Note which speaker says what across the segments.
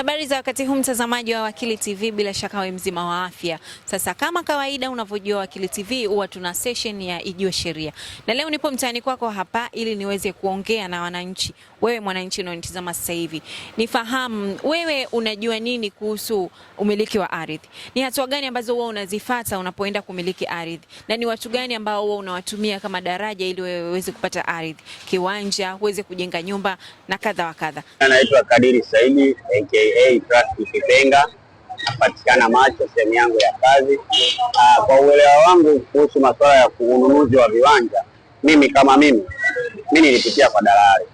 Speaker 1: Habari za wakati huu mtazamaji wa Wakili TV, bila shaka we mzima wa afya. Sasa kama kawaida unavyojua Wakili TV huwa tuna session ya ijue sheria, na leo nipo mtaani kwako hapa ili niweze kuongea na wananchi. Wewe mwananchi unaonitazama sasa hivi, nifahamu wewe unajua nini kuhusu umiliki wa ardhi? Ni hatua gani ambazo wewe unazifata unapoenda kumiliki ardhi, na ni watu gani ambao wewe unawatumia kama daraja ili wewe uweze kupata ardhi, kiwanja, uweze kujenga nyumba na kadha wa kadha?
Speaker 2: Anaitwa Kadiri Saidi aka aka Trust napatikana macho sehemu yangu ya kazi. Aa, ah, kwa uelewa wangu kuhusu masuala ya ununuzi wa viwanja, mimi kama mimi mimi nilipitia kwa dalali,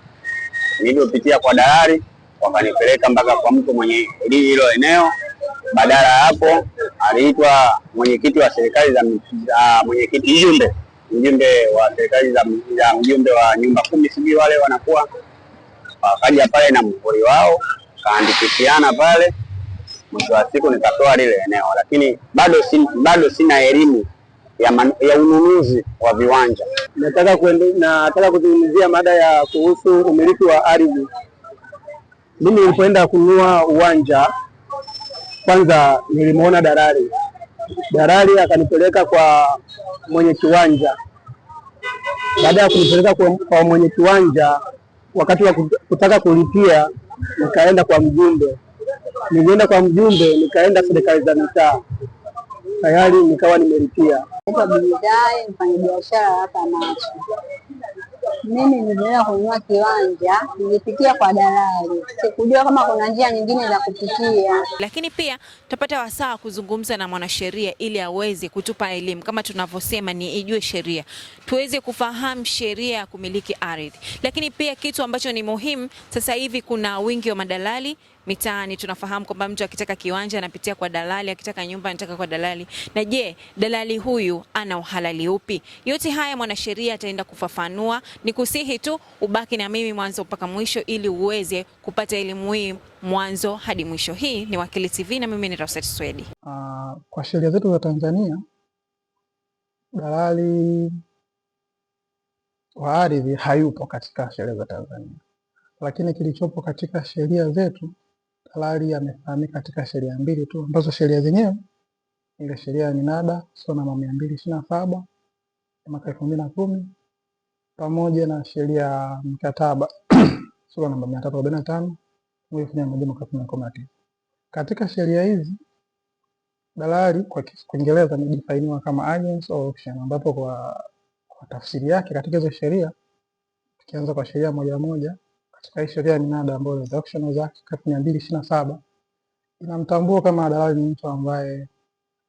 Speaker 2: nilipitia kwa dalali wakanipeleka mpaka kwa mtu mwenye hilo eneo. Badala ya hapo, aliitwa mwenyekiti wa serikali za mwenyekiti mjumbe mjumbe wa serikali za mjumbe wa nyumba kumi, sijui wale wanakuwa wakaja pale na mkori wao nikaandikishiana pale, mwisho wa siku nikatoa lile eneo, lakini bado sin, bado sina elimu ya, man, ya ununuzi wa viwanja.
Speaker 3: Nataka nataka kuzungumzia mada ya kuhusu umiliki wa ardhi. Mimi nilipoenda kununua uwanja, kwanza nilimwona dalali, dalali akanipeleka kwa mwenye kiwanja. Baada ya kunipeleka kwa, kwa mwenye kiwanja, wakati wa kutaka kulipia nikaenda kwa mjumbe, nilienda kwa mjumbe, nikaenda serikali za mitaa tayari nikawa nimelipia.
Speaker 4: Naitwa Bidai, mfanyabiashara hapa Machi. Mimi nilienda kununua kiwanja, nilipitia kwa dalali, sikujua kama kuna njia nyingine za kupitia.
Speaker 1: Lakini pia tutapata wasaa wa kuzungumza na mwanasheria ili aweze kutupa elimu, kama tunavyosema ni ijue sheria, tuweze kufahamu sheria ya kumiliki ardhi. Lakini pia kitu ambacho ni muhimu sasa hivi, kuna wingi wa madalali mitaani. Tunafahamu kwamba mtu akitaka kiwanja anapitia kwa dalali, akitaka nyumba anataka kwa dalali. Na je, dalali huyu ana uhalali upi? Yote haya mwanasheria ataenda kufafanua. Ni kusihi tu ubaki na mimi mwanzo mpaka mwisho ili uweze kupata elimu hii mwanzo hadi mwisho. Hii ni Wakili TV na mimi ni Rosette Swedi.
Speaker 5: Uh, kwa sheria zetu za Tanzania dalali wa ardhi hayupo katika sheria za Tanzania, lakini kilichopo katika sheria zetu halali yamefahamika katika sheria mbili tu ambazo sheria zenyewe ile sheria ya minada sura namba mia mbili ishirini na saba ya mwaka elfu mbili na kumi pamoja na sheria ya mkataba sura namba mia tatu arobaini na tano mwaka elfu Katika sheria hizi dalali kwa Kiingereza ni definiwa kama agents or auction, ambapo kwa, kwa tafsiri yake katika hizo sheria tukianza kwa sheria moja moja katika sheria ni mada ambayo Reduction of Act ya mia mbili ishirini na saba inamtambua kama dalali ni mtu ambaye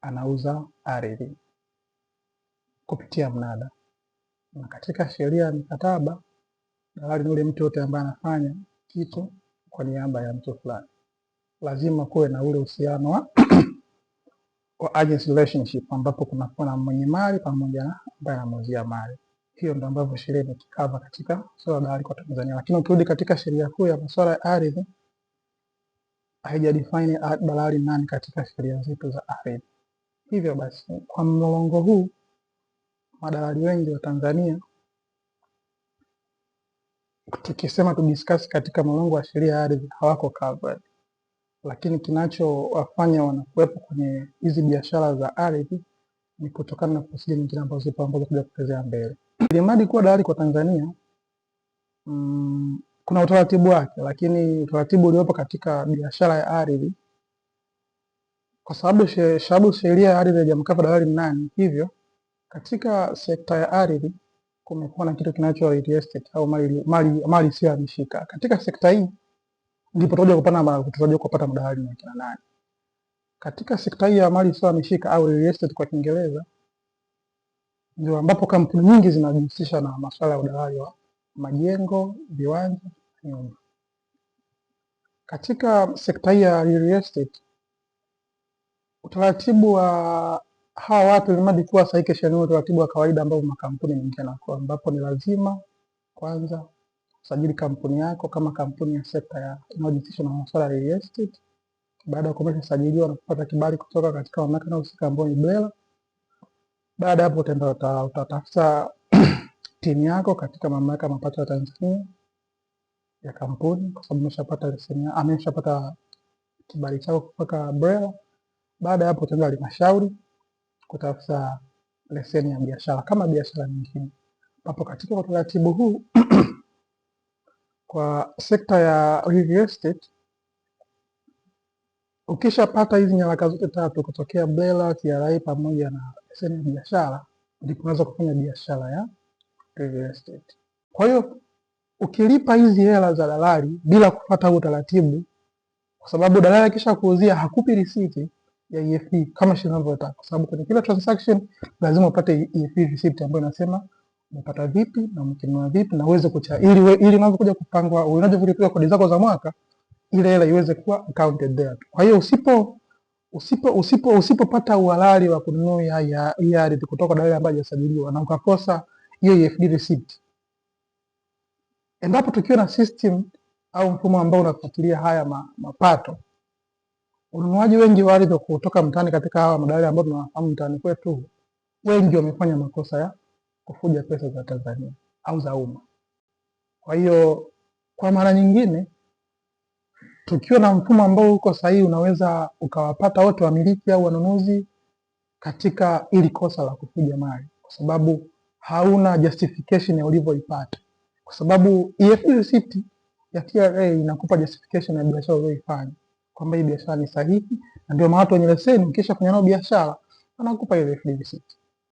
Speaker 5: anauza ardhi kupitia mnada, na katika sheria ya mikataba dalali ni yule mtu yote ambaye anafanya kitu kwa niaba ya mtu fulani. Lazima kuwe na ule uhusiano wa wa agency relationship ambapo kunakuwa na mwenye mali pamoja na ambaye anamuuzia mali. Hiyo ndio ambavyo sheria imekikava katika swala la ardhi kwa Tanzania, lakini ukirudi katika sheria kuu ya masuala ya ardhi haijadefine dalali nani katika sheria zetu za ardhi. Hivyo basi, kwa mlolongo huu madalali wengi wa Tanzania tukisema tudiskasi katika mlolongo wa sheria ya ardhi hawako covered, lakini kinachowafanya wanakuwepo kwenye hizi biashara za ardhi ni kutokana na procedure nyingine ambazo zipo ambazo tutakuelezea mbele. Ili mradi kuwa dalali kwa Tanzania mm, kuna utaratibu wake, lakini utaratibu uliopo katika biashara ya ardhi, kwa sababu sheria ya ardhi haijamkapa dalali nani, hivyo katika sekta ya ardhi kumekuwa na kitu kinachoitwa real estate au mali mali mali isiyohamishika. Katika sekta hii ndipo tutakuja kupata madalali na kina nani katika sekta hii ya mali isiyohamishika au real estate kwa Kiingereza, ndio ambapo kampuni nyingi zinajihusisha na masuala ya udalali wa majengo, viwanja nyumba. Katika sekta hii ya real estate, utaratibu wa hawa watu ilimradi kuwa sahihi kesho ni utaratibu wa kawaida ambao makampuni mengi yanakuwa, ambapo ni lazima kwanza usajili kampuni yako kama kampuni ya sekta ya inayojihusisha na masuala ya real estate baada ya kuomba kusajiliwa na kupata kibali kutoka katika mamlaka husika ambayo ni BELA. Baada hapo utaenda utatafuta timu yako katika mamlaka ya mapato ya Tanzania ya kampuni, kwa sababu umeshapata leseni, ameshapata kibali chako kutoka BELA. Baada ya hapo utaenda halmashauri kutafuta leseni ya biashara kama biashara nyingine. Hapo katika utaratibu huu kwa sekta ya real estate Ukishapata hizi nyaraka zote tatu kutokea BELA, TRA pamoja na leseni ya biashara, ndipo unaweza kufanya biashara ya real estate. Kwa hiyo ukilipa hizi hela za dalali bila kufuata utaratibu, kwa sababu dalali akisha kuuzia hakupi risiti ya EFD e kama shilingi unavyotaka, kwa sababu kwenye kila transaction lazima upate EFD e receipt ambayo inasema umepata vipi na umekinunua vipi na uweze kucha ili ili unavyokuja kupangwa unavyokuja kodi zako za mwaka ile hela iweze kuwa accounted there Kwa hiyo usipo usipo usipo, usipopata uhalali wa kununua ya ya ya ardhi kutoka dalali ambayo hajasajiliwa na ukakosa hiyo EFD receipt, endapo tukiwa na system au mfumo ambao unafuatilia haya ma, mapato, ununuaji wengi wa ardhi kutoka mtaani katika hawa madalali ambao tunawafahamu mtaani kwetu, wengi wamefanya makosa ya kufuja pesa za Tanzania au za umma. Kwa hiyo kwa mara nyingine tukiwa na mfumo ambao uko sahihi, unaweza ukawapata wote wamiliki au wanunuzi katika ili kosa la kufuja mali, kwa sababu hauna justification ya ulivyoipata, kwa sababu EFD receipt ya TRA inakupa justification ya biashara uliyoifanya kwamba hii biashara ni sahihi, na ndio maana watu wenye leseni ukisha fanya nao biashara wanakupa ile EFD receipt.